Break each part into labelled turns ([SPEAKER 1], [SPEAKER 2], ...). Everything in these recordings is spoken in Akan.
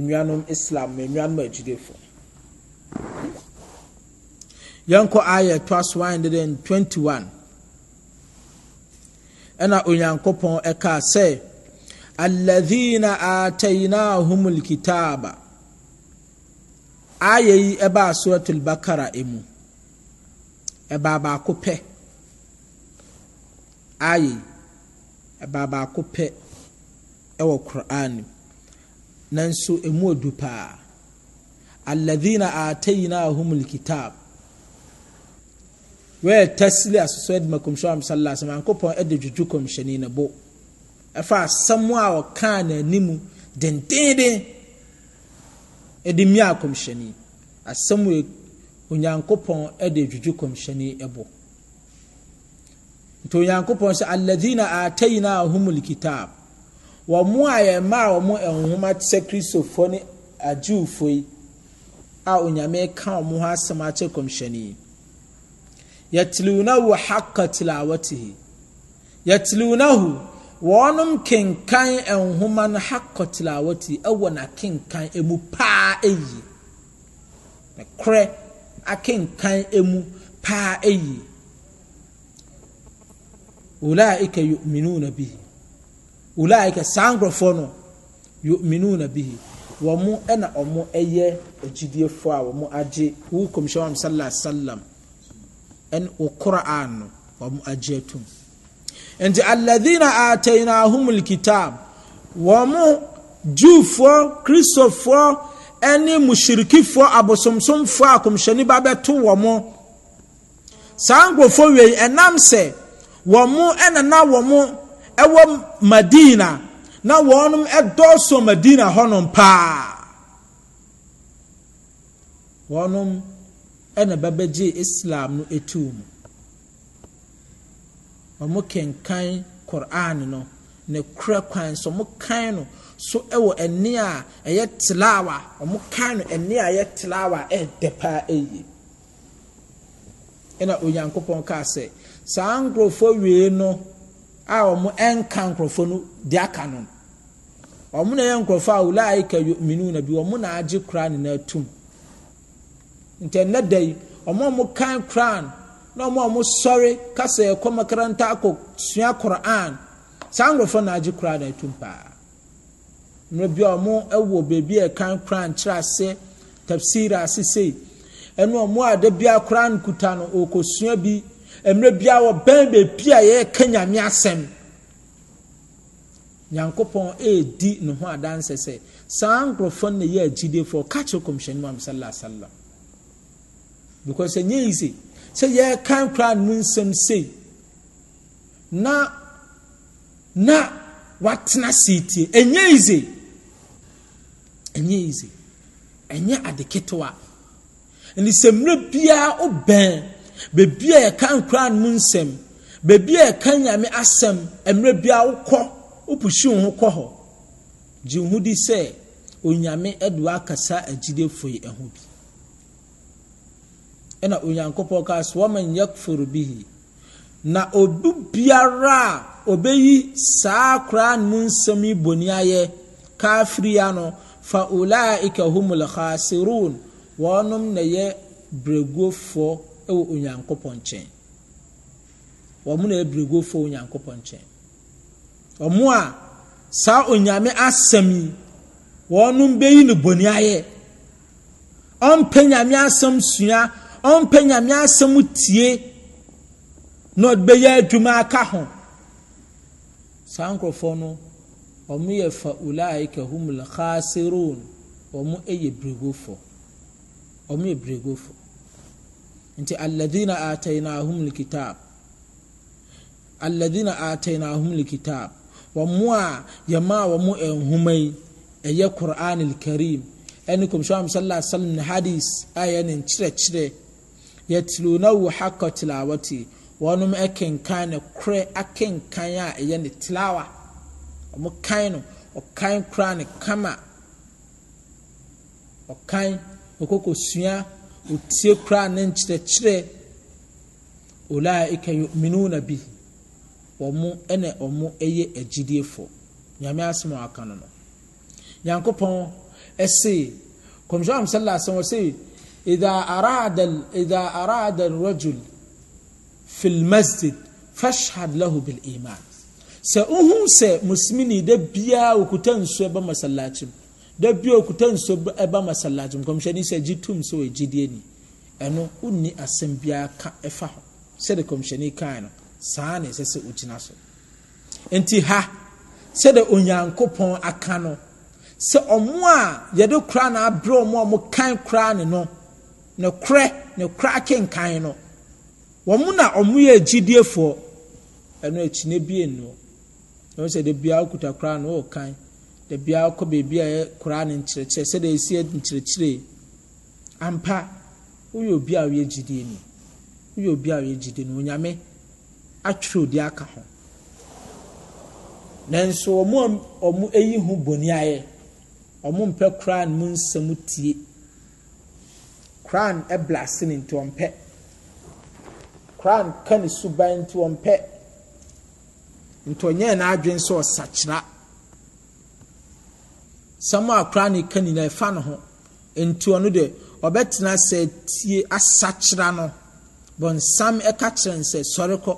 [SPEAKER 1] nnuanom islam nnuanom agyidefo yɛnkɔ ayɛ toa 121 ɛna onyankopɔn ɛkaa sɛ alladhina atainahum alkitaba ayɛ yi ɛbaa suratul bakara emu ɛbaa baako pɛ ayɛ yi ɛbaa baako pɛ ɛwɔ qur'an mu nanso emu adu paa alladhina atainahum alkitab wɔyɛ tasili asosɔ adi ma kɔmhyɛn am sallallahu alaihi wa sallam ankopɔn ɛde dwodwo kɔmhyɛn na bo ɛfa asɛm a wɔkaa n'anim dendenden ɛde mia kɔmhyɛn asɛm onyankopɔn ɛde dwodwo kɔmhyɛn ɛbɔ nti onyankopɔn sɛ alladhina atainahum alkitab wɔn a yɛn mma a wɔn nhoma kyɛ kristofoɔ ne agyewfoɔ yi a onyame ka wɔn ho asɛm akyɛ kɔmhyɛni yi yɛtiliwunahu haka tilawatihi yɛtiliwunahu wɔnom kenkan nhoma no haka tilawatihi ɛwɔ n'akenkan emu paa eyi korɛ akenkan emu paa eyi wòlá ika yu'minuna bihi ulaika saa nkurɔfoɔ no yu'minuna bihi wɔn ɛna wɔn ɛyɛ agyidiefoɔ a wɔn agye wo kɔmhyɛn wɔn sallallahu alaihi wasallam ɛne wo qur'an no wɔn agye atum nti alladhina atainahumul kitab wɔn juufoɔ kristofoɔ ɛne mushirikifoɔ abosomsomfoɔ a kɔmhyɛn ba bɛto wɔn saa nkurɔfoɔ wei ɛnam sɛ wɔn ɛna wɔn ɛwɔ madina na wɔn ɛdɔɔso madina hɔnom paa wɔn ɛna bɛbɛgye islam no etu mu wɔn kenkan koran no ne kura kwan so wɔn kan no so ɛwɔ ɛni a ɛyɛ tilawa wɔn kan no ɛni a ɛyɛ tilawa ɛɛdɛ paa ɛyie ɛna onyankopɔn kaa sɛ saa nkurɔfoɔ wie no a wɔn nka nkurɔfoɔ no deɛ aka no wɔn na yɛ nkurɔfoɔ a wula ayika minu na bi wɔn na agye koraa nyinaa tum nti ɛnna da yi wɔn a wɔkan koraa na wɔn a wɔsɔre kasa ɛkɔ makaranta akɔ sua koraa saa nkurɔfoɔ na agye koraa na tum paa mmerɛ bi a wɔn wɔ beebi a ɛkan koraa nkyerɛ ase tafsiri asese ɛnu wɔn a da bi a koraa nkuta no ɔkɔ sua bi mmerɛ biara wɔbɛn beebi a yɛreka nyame asɛm nyankopɔn ɛredi ne ho adanse sɛ saa nkurɔfoɔ no na yɛ agyidefoɔ ka kyerɛ kɔmhyɛne mu amsala salam because ɛnyɛ yise sɛ yɛreka nkora no nsɛm sei na na watena seetie ɛnyɛ e yise ɛnyɛ e yise ɛnyɛ e ade ketewa ɛnni sɛ mmerɛ biara beebi a yɛka nkura no mu nsɛm beebi a yɛka nyame asɛm mmerɛ bi a wokɔ wopusi wo ho kɔ hɔ gye wo ho di sɛ onyame de wakasa agyidefoɔ yi ho bi ɛna onyankopɔn kaa so wɔman yakfuru bihi na obi biara a obɛyi saa koraa no mu nsɛm yi boni ayɛ kafiri ano fa ulaika humul khasirun wɔnom na yɛ breguofoɔ wɔ onyankopɔn nkyɛn wɔn na abirigofoɔ onyankopɔn nkyɛn wɔn a saa onyame asɛm yi wɔn bɛyi ne bɔnni ayɛ ɔmpɛ nyame asɛm sua ɔmpɛ nyame asɛm tie na ɔde bɛyɛ adwuma aka ho saa nkurɔfoɔ no wɔn yɛ fa ulaika humul khasirun wɔn yɛ birigofoɔ wɔn yɛ birigofoɔ nti alladhina atainahum alkitab alladhina atainahum alkitab wɔn mu a yɛmaa wɔn mu nhoma yi ɛyɛ qur'an alkarim ɛne kɔmhyɛn am sallallahu alaihi wasallam ne hadis a yɛ ne nkyerɛkyerɛ yɛtilunahu hakka tilawati wɔnom ɛkenkan ne korɛ akenkan a ɛyɛ ne tilawa wɔn kan no ɔkan kora ne kama ɔkan okokosua wotie koraa ne nkyerɛkyerɛ ulaika yuminuna bi ɔmo ɛna ɔmo ɛyɛ agyidiefoɔ nyame asɛm a aka no no nyankopɔn ɛse kɔmhyɛn am sallallahu alaihi wasallam idha arada idha arada ar-rajul fi al-masjid fashhad lahu bil iman sɛ uhu sɛ muslimini da biya okuta nsuo ba masallaci mu da bi okuta nsuo ba masalagye nkɔmhyɛni sɛ gye tum sɛ wɔ e gyidie ni ɛno wonni asɛm biara ka ɛfa ho sɛde kɔmhyɛni kan no saa na ɛsɛ sɛ ogyina so nti ha sɛde onyankopɔn aka no sɛ ɔmo a yɛde kura na abere ɔmo a ɔmo kan kura ne no ne korɛ ne kura kenkan no wɔn na ɔmo yɛ gyidiefoɔ ɛno akyine bie nnuro ɛno sɛ de biara okuta kura no ɔkan. dabi akɔ beebi a yɛ koraa ne nkyerɛkyerɛ sɛdeɛ esi nkyerɛkyerɛ ampa woyɛ obi a woyɛ gyidie ni woyɛ obi a woyɛ gyidie ni onyame atwerɛ odi aka ho nanso wɔn a wɔn ayi ho bɔnni ayɛ wɔn mpɛ koraa ne mu nsɛm tie koraa ɛbla ase ne nti wɔn pɛ koraa ka ne suban nti wɔn pɛ nti wɔn nyɛ n'adwene sɛ ɔsakyera. sam a koraa ne ka nyinaa ɛfa ne ho nti ɔno deɛ ɔbɛtena sɛ tie asakyera no bɔnsam ɛka kyerɛ sɛ sɔre kɔ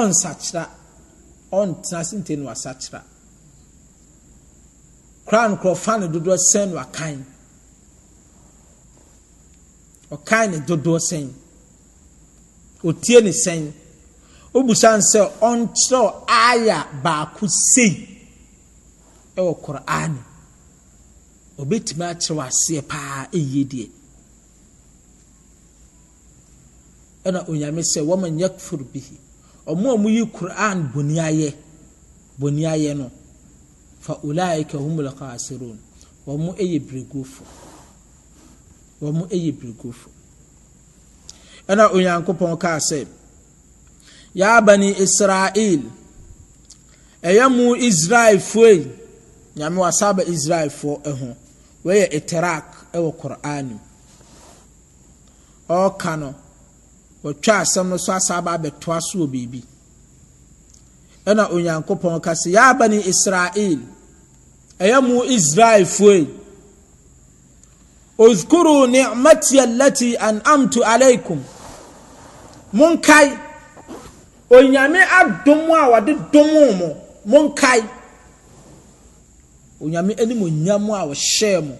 [SPEAKER 1] ɔnsakyera ɔntena se nte no wasakyera koraa nkorɔfa ne dodoɔ sɛn no akan ɔkan ne dodoɔ sɛn otie ne sɛn obusa nsɛ ɔnkyerɛw aya baako sei ɛwɔ kor'an obetumi akyerɛw aseɛ paa ɛyie deɛ ɛna onyame sɛ wɔn nyɛkfuru bihi ɔmo a moyi kor'an boni ayɛ boni ayɛ no fa ulaika humul khasirun wɔn ɛyɛ birigofo wɔn ɛyɛ birigofo ɛna onyankopɔn kaa sɛ ya bani israel ɛyɛ mu israelfoɔ yi nyame wasaba israelfoɔ ho wɔyɛ itirak wɔ koran mu ɔreka no wɔtwa asɛm no so asaba abɛtoa so wɔ biribi ɛna onyankopɔn ka sɛ ya israel ɛyɛ mu israelfoɔ yi اذكروا نعمتي التي انعمت عليكم منكاي onyame adom a wɔde dom mo monkae onyame anim onyam a wɔhyɛɛ mo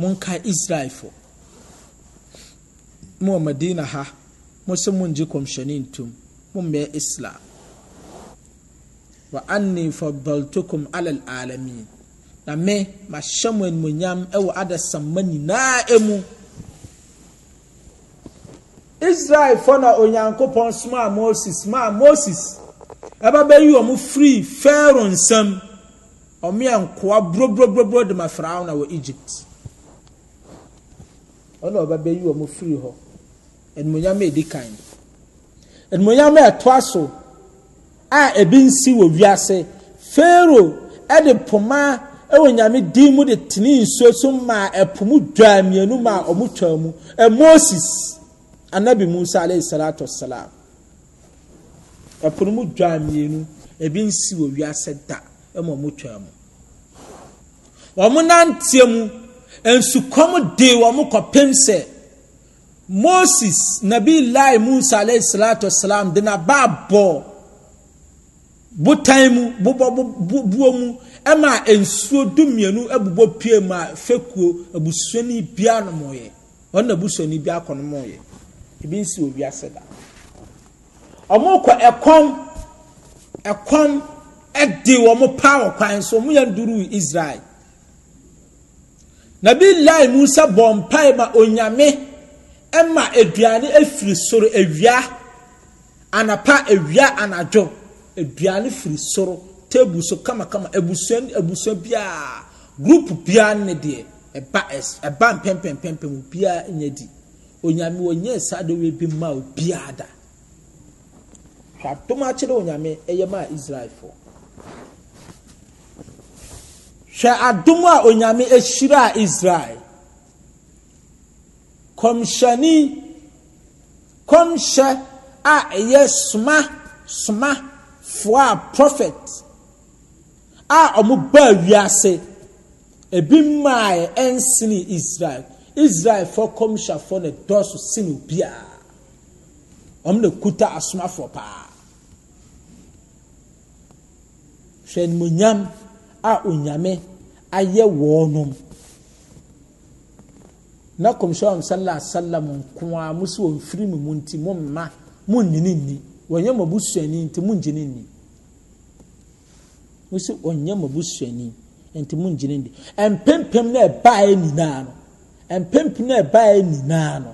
[SPEAKER 1] monkae israelfo mo wɔ madina ha mo sɛ mongye kɔmhyɛne ntom mommɛɛ islam wa anni fadaltukum ala alamin na me mahyɛ mo animonyam wɔ adasamma nyinaa mu israelfoɔ na onyankopɔn somaa moses maa moses ɛba bɛyi wɔn firi pharaoh nsam wɔn yɛ nkoa buroburo de ma pharaoh na wɔ egypt ɔna ɔba bɛyi wɔn firi hɔ ɛnumonyam edi kan ɛnumonyam ɛtoa so a ebi nsi wɔ wiase pharaoh ɛde poma ɛwɔ nyame din mu de tene nsuo so maa ɛpo mu dwaa mmienu maa wɔn twaa mu ɛmoses anabi musa alayhi salatu wasalam ɛpono mu dwa mmienu ebi nsi wɔ wiase da ɛma ɔmo twa mu wɔn nanteɛ mu nsukɔm de wɔn kɔpem sɛ moses nabi lai musa alayhi salatu wasalam de na ba bɔ botan mu bobɔ buo mu ɛma nsuo du mmienu ɛbobɔ pie mu a fekuo abusuani bia nom yɛ ɔno na abusuani bia akɔ nom yɛ ebi nsi owi ase da wɔn kɔ ɛkɔm ɛkɔm ɛdi wɔn paa wɔ kwan so wɔn yɛ nduru israel nabi lai musa bɔ mpae ma onyame ɛma aduane efiri soro ewia anapa ewia anadwo aduane firi soro teebul so kamakama ebusua ebusua biara gurupu biara ne deɛ ɛba ɛs ɛba mpɛmpɛmpɛmpɛm biara nyɛ di onyame wɔnyɛ saa de wei bi ma obiara da hwɛ atom akyerɛ onyame ɛyɛ maa israelfoɔ hwɛ adom a onyame ahyira israel kɔmhyɛni kɔmhyɛ a ɛyɛ soma soma foa prophet a wɔn baa wiase ebi mmaa yɛ ɛnsini israel israelfoɔ kɔmhyɛfoɔ na dɔɔso sen obiara wɔn na kuta asomafoɔ paa hwɛ nimonyam a onyame ayɛ wɔnom na kɔmhyɛ sala sallah sallam nko a mo si wɔn firi mu mu nti mo mma mo nyini nni wɔnyɛ mo nti mo ngyini nni mo si wɔnyɛ mo nti mo ngyini nni mpempem na ɛbaeɛ nyinaa no mpempem a ɛbaeɛ nyinaa no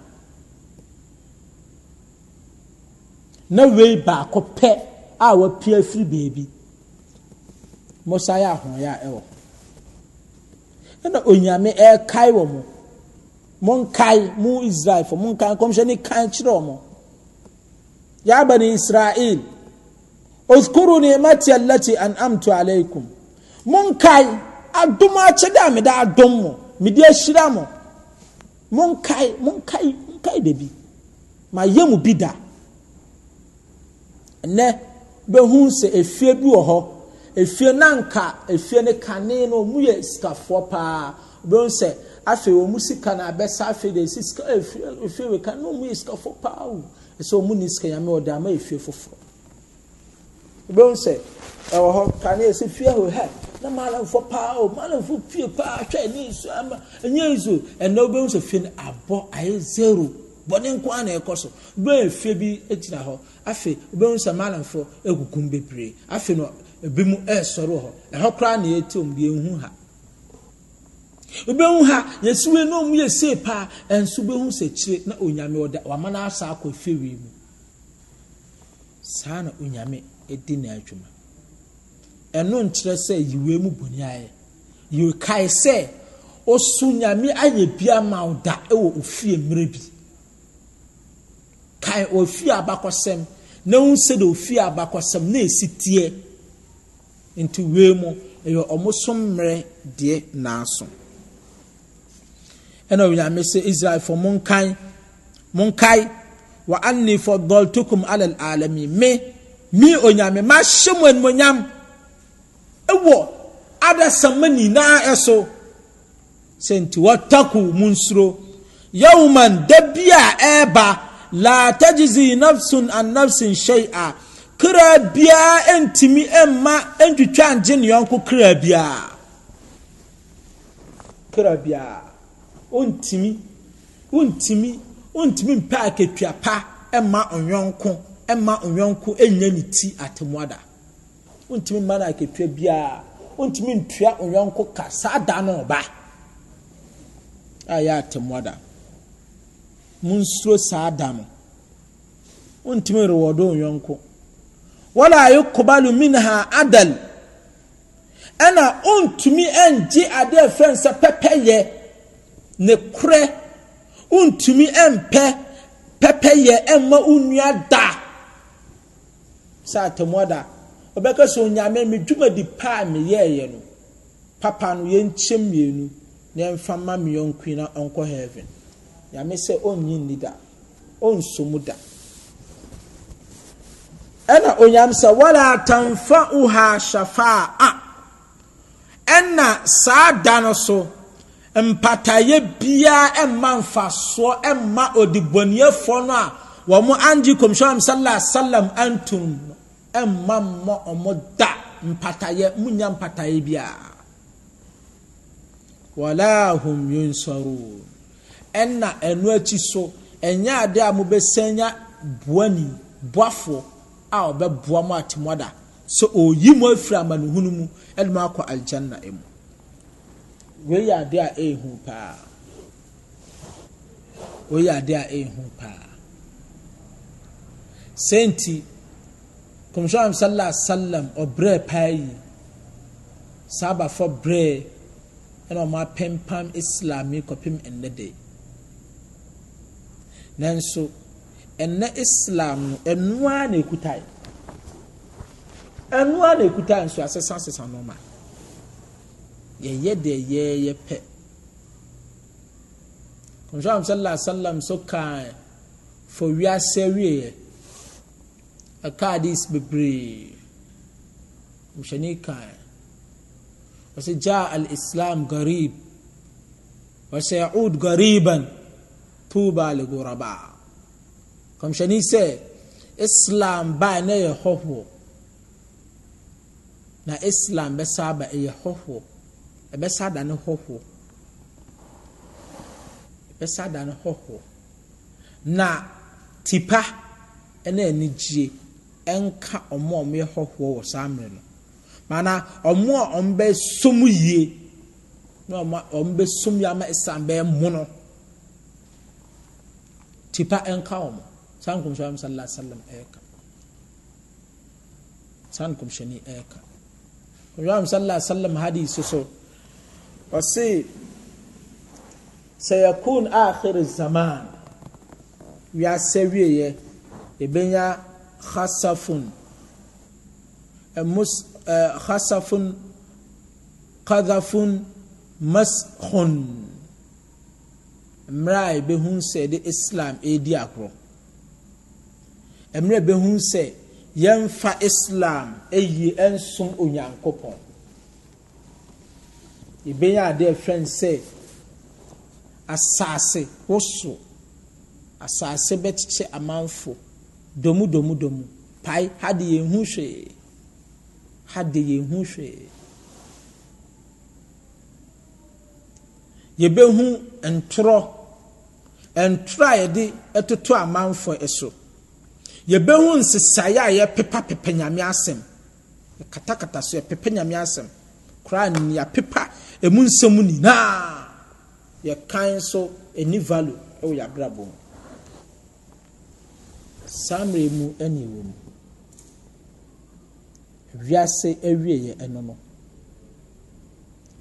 [SPEAKER 1] na wei baako pɛ a wapia firi beebi mosa yɛ ahoɔyɛ a ɛwɔ ɛna onyame ɛrekae wɔ mo monkae mu israelfo monkae kɔmhyɛne kan kyerɛ wɔ mo ya bani israel اذكروا نعمتي التي انعمت عليكم منكاي ادوم اkyɛde a mede adom mo mede ahyira mo monkae monkae monkae baabi ma yɛ mu bi da ɛnɛ bɛhu sɛ efie bi wɔ hɔ efie nanka efie ne kane no ɔmu yɛ sikafoɔ paa bɛhu sɛ afei ɔmu sika na abɛsa afei de esi sika efie efie wɛ kane no ɔmu yɛ sikafoɔ paa o ɛsɛ ɔmu ni sika yamɛ ɔde ama efie foforɔ bɛhu sɛ ɛwɔ hɔ kane esi fie wɔ hɛ. na maalamfo paa o maalamfo fie paa atwa ne nsu ama enye nsu ɛnna obɛn sɛ fie no abɔ ayɛ zero bɔne nko ara na ɛkɔ so obɛn efie bi egyina hɔ afei obɛn sɛ maalamfo ekukum bebree afei no ebi mu ɛresɔre hɔ ɛhɔ koraa na yɛte omu deɛ ehu ha obɛn ha yɛsiwe na omu yɛ see paa ɛnso obɛn sɛ kyire na onyame ɔda wama na asa akɔ fie wie mu saa na onyame edi na adwuma. ɛno nkyerɛ sɛ yiwe mu bɔnni ayɛ yiwe kae sɛ osu nyame ayɛ bi ama wo da ɛwɔ ofie mmerɛ bi kae ofie abakɔsɛm na wɔn sɛ de ofie abakɔsɛm na esi teɛ nti wee mu ɛyɛ wɔn so mmerɛ deɛ naaso ɛna onyame sɛ israelfo monkae monkae wa anni fɔdɔl tukum alal alami me mi onyame ma hyɛ mu animonyam ɛwɔ adasama nyinaa ɛso sɛ nti wɔtako mu nsuro yawman da bi a ɛreba la tajizi nafsun an nafsin a kra biara ɛntumi ɛmma ɛntwitwa ngye ne yɔnko kra biara kra biara ɔntumi ɔntumi ɔntumi mpɛ akatua pa ɛma ɔnyɔnko ɛma ɔnyɔnko ɛnya ne ti atemuada wontumi mma no akatua biara wontumi ntua onyɔnko ka saa da no ɔba a yɛ atemmuada monsuro saa da no wontumi rewɔdo onyɔnko wala yuqbalu minha adal ɛna wontumi angye adeɛ frɛ sɛ pɛpɛyɛ ne korɛ wontumi ampɛ pɛpɛyɛ ɛmma wo nnua da sɛ atemmuada ɔbɛka sɛ onyame me dwumadi paa meyɛɛyɛ no papa no yɛnkyɛ mmienu na yɛmfa ma me yɔnko yi na ɔnkɔ heaven nyame sɛ ɔnnyi nni da ɔnso da ɛna onyame sɛ wala tamfa uha shafaa ɛna saa da no so mpataeɛ biara ɛmma mfasoɔ ɛmma odibɔniɛfoɔ no a wɔn angye kɔmhyɛn wa sallam antum no ɛmma mmɔ ɔmo da mpataeɛ munya mpataeɛ biara walahum yunsarun ɛna ɛno akyi so ɛnyɛ ade a mobɛsan nya boani boafoɔ a ɔbɛboa mo ate mo ada sɛ ɔyi mo afiri amanehunu mu ɛde mo akɔ aljanna mu wei yɛ ade a ɛyɛ paa wei yɛ ade a ɛyɛ paa sɛnti kɔmhyɛn sallallahu alaihi wasallam ɔbrɛ paa yi saa abafo brɛ ɛna wɔn apempam islami kɔpem ɛnɛ de nanso ɛnɛ islam no ɛnoa na ekuta yi ɛnoa na ekuta yi nso asesa asesa nneɛma yɛyɛ deɛ yɛyɛ pɛ kɔmhyɛn sallallahu alaihi wasallam so kan fɔ wiase wieɛ ɛkaa dis bebree wɔhyɛne kaa wɔsɛ gyaa alislam garib wɔsɛ yaud gariban tuba liguraba kɔmhyɛne sɛ islam baa na yɛ hɔhoɔ na islam bɛsa aba ɛyɛ hɔhoɔ ɛbɛsa da ne hɔhoɔ ɛbɛsa da ne hɔhoɔ na tipa ɛna anigyie nka ɔmo a ɔmo yɛ hɔhoɔ wɔ saa mmerɛ no mana ɔmo a ɔmo bɛ som yie na ɔmo ɔmo bɛ som yie ama ɛsan bɛɛ mo no tipa nka ɔmo saa nkɔmhyɛni sallallahu alaihi wa sallam ɛɛka saa nkɔmhyɛni ɛɛka nkɔmhyɛni sallallahu alaihi wa sallam hadi soso ɔsi sɛyɛkun akhir zaman wiase wieɛ ebenya khasafun mus khasafun kadhafun mashun mmerɛ a yɛbɛhu sɛ yɛde islam ɛredi agorɔ mmerɛ bɛhu sɛ yɛmfa islam ɛyie e ɛnsom onyankopɔn yɛbɛnya adeɛ frɛ n sɛ woso asase bɛkyekyɛ amanfo domu domu domu pai ha de yɛn ho hwee ha de yɛn ho hwee yɛbɛhu ntorɔ ntorɔ a yɛde toto amanfoɔ e so yɛbɛhu nsesaeɛ a yɛpepapepa nyame asɛm yɛkatakata so yɛpepa nyame asɛm koraa nea pepa emu nsɛm nyinaa yɛkan so ani value e wɔ yɛ abrabɔ mu saa mmerɛ mu ɛna ɛwɔ mu wiase awieɛ ɛno no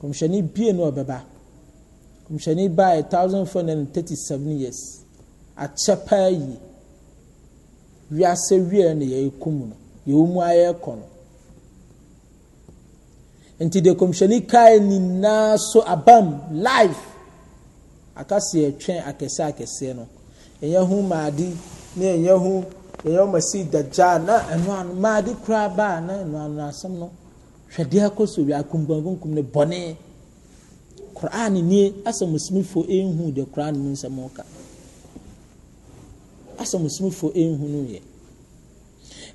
[SPEAKER 1] kɔmhyɛne bie no ɔbɛba kɔmhyɛne baa thousand four hundred thirty seven years akyɛ paa yie wiase wieɛ no yɛrekɔ mu no yɛwɔ mu a yɛrekɔ no nti deɛ kɔmhyɛne kae nyinaa so abam life akaseɛ twɛn akɛseɛ akɛseɛ no ɛyɛ ho maade. ne yɛyɛ ho yɛyɛ na ɛno ano maade koraa na ɛno ano asɛm no hwɛdeɛ akɔ so bi akumkumkum ne bɔne koraa ne nie asɛ musulmifoɔ ɛnhu deɛ koraa ne mu nsɛm ɔka asɛ musulmifoɔ ɛnhu no yɛ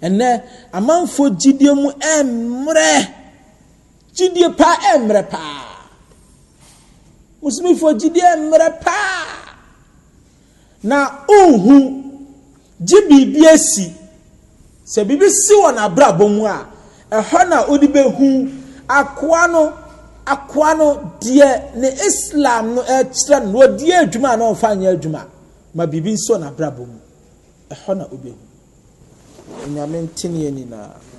[SPEAKER 1] ɛnɛ gyidie mu ɛmmerɛ paa ɛmmerɛ paa paa na gye biribi esi sɛ biribi si wɔ n'abrabɔ mu a ɛhɔ na ɔde bɛhu akoa no akoa no deɛ ne islam no ɛkyerɛ no wɔdeɛ adwuma a na nyɛ adwuma ma biribi nsi wɔ n'abrabɔ mu ɛhɔ na ɔbɛhu nyame ntene yɛ nyinaa